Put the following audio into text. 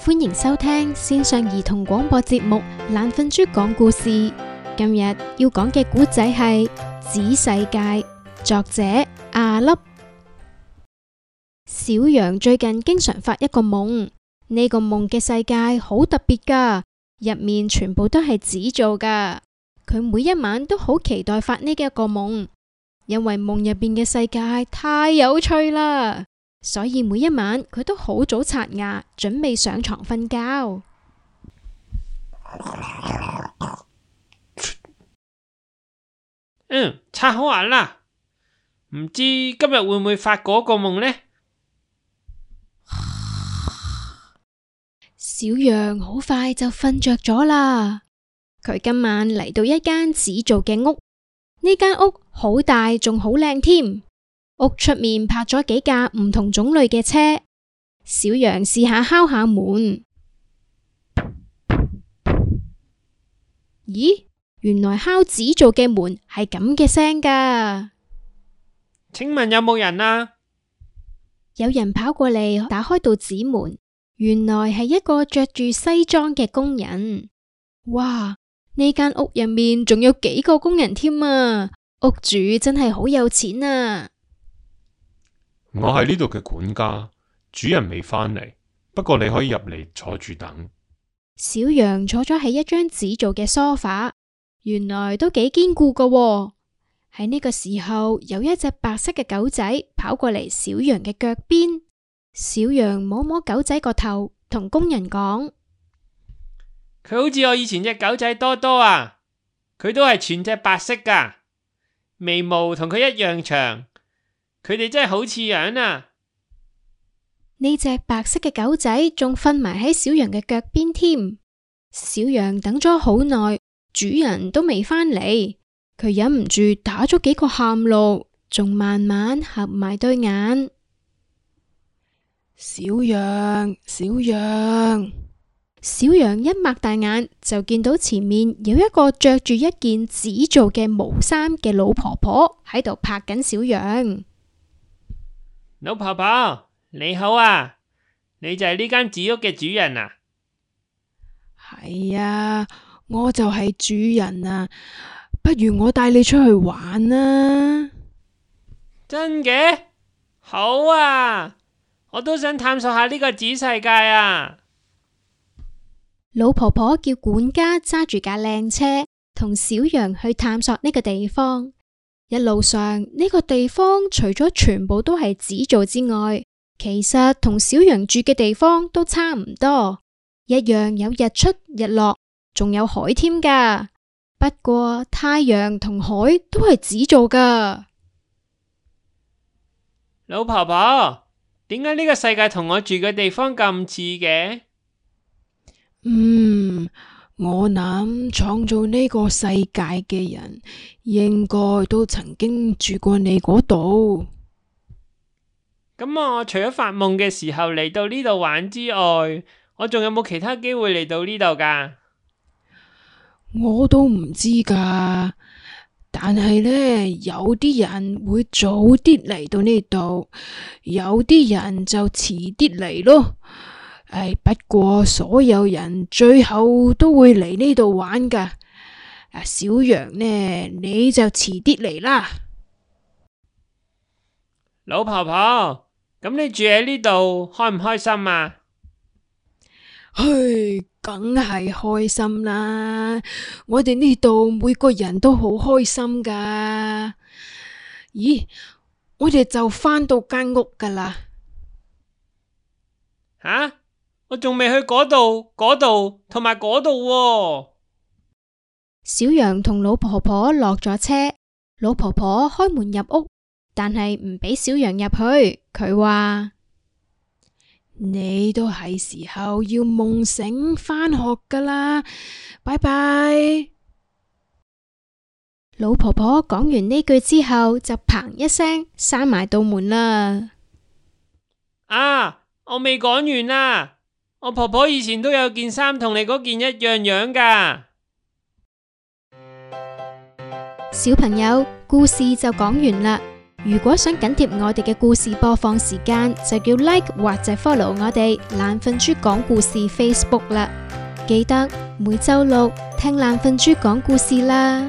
歡迎收聽線上兒童廣播節目《懶瞓豬講故事》。今日要講嘅古仔係紙世界，作者阿、啊、粒。小羊最近經常發一個夢，呢、這個夢嘅世界好特別噶，入面全部都係紙做噶。佢每一晚都好期待發呢一個夢，因為夢入邊嘅世界太有趣啦。所以每一晚佢都好早刷牙，準備上床瞓覺。嗯，刷好牙啦，唔知今日會唔會發嗰個夢呢？小羊好快就瞓着咗啦。佢今晚嚟到一間紙造嘅屋，呢間屋好大，仲好靚添。屋出面泊咗幾架唔同種類嘅車，小羊試下敲下門。咦，原來敲紙做嘅門係咁嘅聲噶。請問有冇人啊？有人跑過嚟打開到紙門，原來係一個着住西裝嘅工人。哇，呢間屋入面仲有幾個工人添啊！屋主真係好有錢啊！我係呢度嘅管家，主人未返嚟，不過你可以入嚟坐住等。小羊坐咗喺一張紙做嘅梳化，原來都幾堅固噶喎。喺呢個時候，有一隻白色嘅狗仔跑過嚟小羊嘅腳邊，小羊摸摸狗仔個頭，同工人講：佢好似我以前隻狗仔多多啊，佢都係全隻白色噶，眉毛同佢一樣長。佢哋真係好似樣啊！呢隻白色嘅狗仔仲瞓埋喺小羊嘅腳邊添。小羊等咗好耐，主人都未返嚟，佢忍唔住打咗幾個喊露，仲慢慢合埋對眼。小羊，小羊，小羊一擘大眼就見到前面有一個着住一件紙做嘅毛衫嘅老婆婆喺度拍緊小羊。老婆婆，你好啊，你就係呢間紙屋嘅主人啊？係啊，我就係主人啊！不如我帶你出去玩啊！真嘅？好啊，我都想探索下呢個紙世界啊！老婆婆叫管家揸住架靚車，同小羊去探索呢個地方。一路上呢個地方，除咗全部都係紙做之外，其實同小羊住嘅地方都差唔多，一樣有日出日落，仲有海添噶。不過太陽同海都係紙做噶。老婆婆，點解呢個世界同我住嘅地方咁似嘅？嗯。我諗創造呢個世界嘅人，應該都曾經住過你嗰度。咁我除咗發夢嘅時候嚟到呢度玩之外，我仲有冇其他機會嚟到呢度㗎？我都唔知㗎。但係呢，有啲人會早啲嚟到呢度，有啲人就遲啲嚟咯。不過所有人最後都會嚟呢度玩噶。小羊呢，你就遲啲嚟啦。老婆婆，咁你住喺呢度開唔開心啊？嘿，梗係開心啦！我哋呢度每個人都好開心噶。咦，我哋就返到間屋噶啦。吓、啊？我仲未去嗰度，嗰度同埋嗰度。哦、小羊同老婆婆落咗車，老婆婆開門入屋，但係唔俾小羊入去。佢話：你都係時候要夢醒返學噶啦，拜拜。老婆婆講完呢句之後，就嘭一聲閂埋道門啦。啊，我未講完啦！我婆婆以前都有件衫同你嗰件一樣樣㗎。小朋友，故事就講完啦。如果想緊貼我哋嘅故事播放時間，就叫 like 或者 follow 我哋懶瞓豬講故事 Facebook 啦。記得每周六聽懶瞓豬講故事啦。